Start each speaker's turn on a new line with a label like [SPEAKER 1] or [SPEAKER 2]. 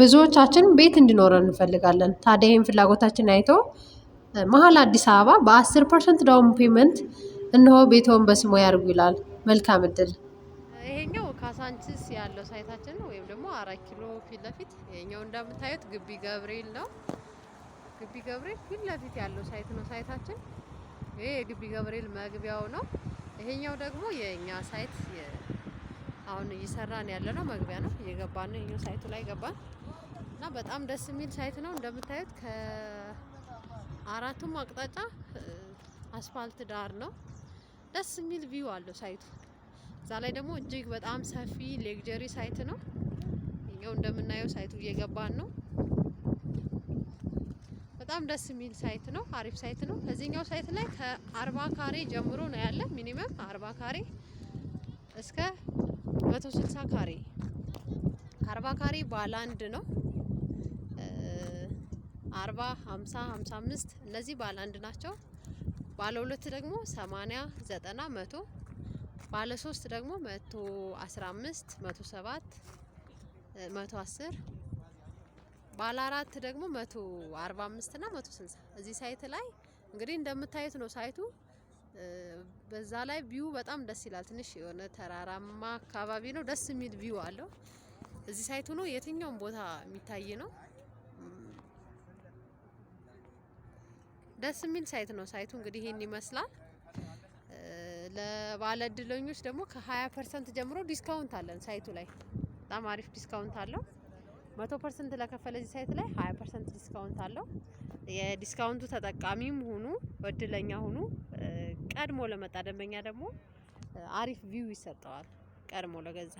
[SPEAKER 1] ብዙዎቻችን ቤት እንዲኖረን እንፈልጋለን። ታዲያ ይህን ፍላጎታችን አይቶ መሀል አዲስ አበባ በአስር ፐርሰንት ዳውን ፔመንት እነሆ ቤተውን በስሙ ያድርጉ ይላል። መልካም እድል።
[SPEAKER 2] ይሄኛው ካሳንችስ ያለው ሳይታችን ነው፣ ወይም ደግሞ አራት ኪሎ ፊት ለፊት ይሄኛው እንደምታዩት ግቢ ገብርኤል ነው። ግቢ ገብርኤል ፊት ለፊት ያለው ሳይት ነው ሳይታችን። ይሄ የግቢ ገብርኤል መግቢያው ነው። ይሄኛው ደግሞ የእኛ ሳይት አሁን እየሰራን ያለ ነው። መግቢያ ነው፣ እየገባን ነው። ይሄኛው ሳይቱ ላይ ገባን። እና በጣም ደስ የሚል ሳይት ነው። እንደምታዩት ከአራቱም አቅጣጫ አስፋልት ዳር ነው። ደስ የሚል ቪው አለው ሳይቱ። እዛ ላይ ደግሞ እጅግ በጣም ሰፊ ሌግጀሪ ሳይት ነው። ይኸው እንደምናየው ሳይቱ እየገባን ነው። በጣም ደስ የሚል ሳይት ነው። አሪፍ ሳይት ነው። ከዚህኛው ሳይት ላይ ከአርባ ካሬ ጀምሮ ነው ያለ ሚኒመም አርባ ካሬ እስከ መቶ ስልሳ ካሬ። አርባ ካሬ ባለ አንድ ነው። አርባ ሀምሳ ሀምሳ አምስት እነዚህ ባለ አንድ ናቸው። ባለ ሁለት ደግሞ ሰማኒያ ዘጠና መቶ ባለ ሶስት ደግሞ መቶ አስራ አምስት መቶ ሰባት መቶ አስር ባለ አራት ደግሞ መቶ አርባ አምስት ና መቶ ስልሳ እዚህ ሳይት ላይ እንግዲህ እንደምታዩት ነው ሳይቱ። በዛ ላይ ቪው በጣም ደስ ይላል። ትንሽ የሆነ ተራራማ አካባቢ ነው፣ ደስ የሚል ቪው አለው። እዚህ ሳይቱ ነው የትኛውም ቦታ የሚታይ ነው። ደስ የሚል ሳይት ነው። ሳይቱ እንግዲህ ይህን ይመስላል። ለባለ እድለኞች ደግሞ ከ20 ፐርሰንት ጀምሮ ዲስካውንት አለን ሳይቱ ላይ በጣም አሪፍ ዲስካውንት አለው። መቶ ፐርሰንት ለከፈለ እዚህ ሳይት ላይ 20 ፐርሰንት ዲስካውንት አለው። የዲስካውንቱ ተጠቃሚም ሁኑ፣ እድለኛ ሁኑ። ቀድሞ ለመጣ ደንበኛ ደግሞ አሪፍ ቪው ይሰጠዋል ቀድሞ ለገዛ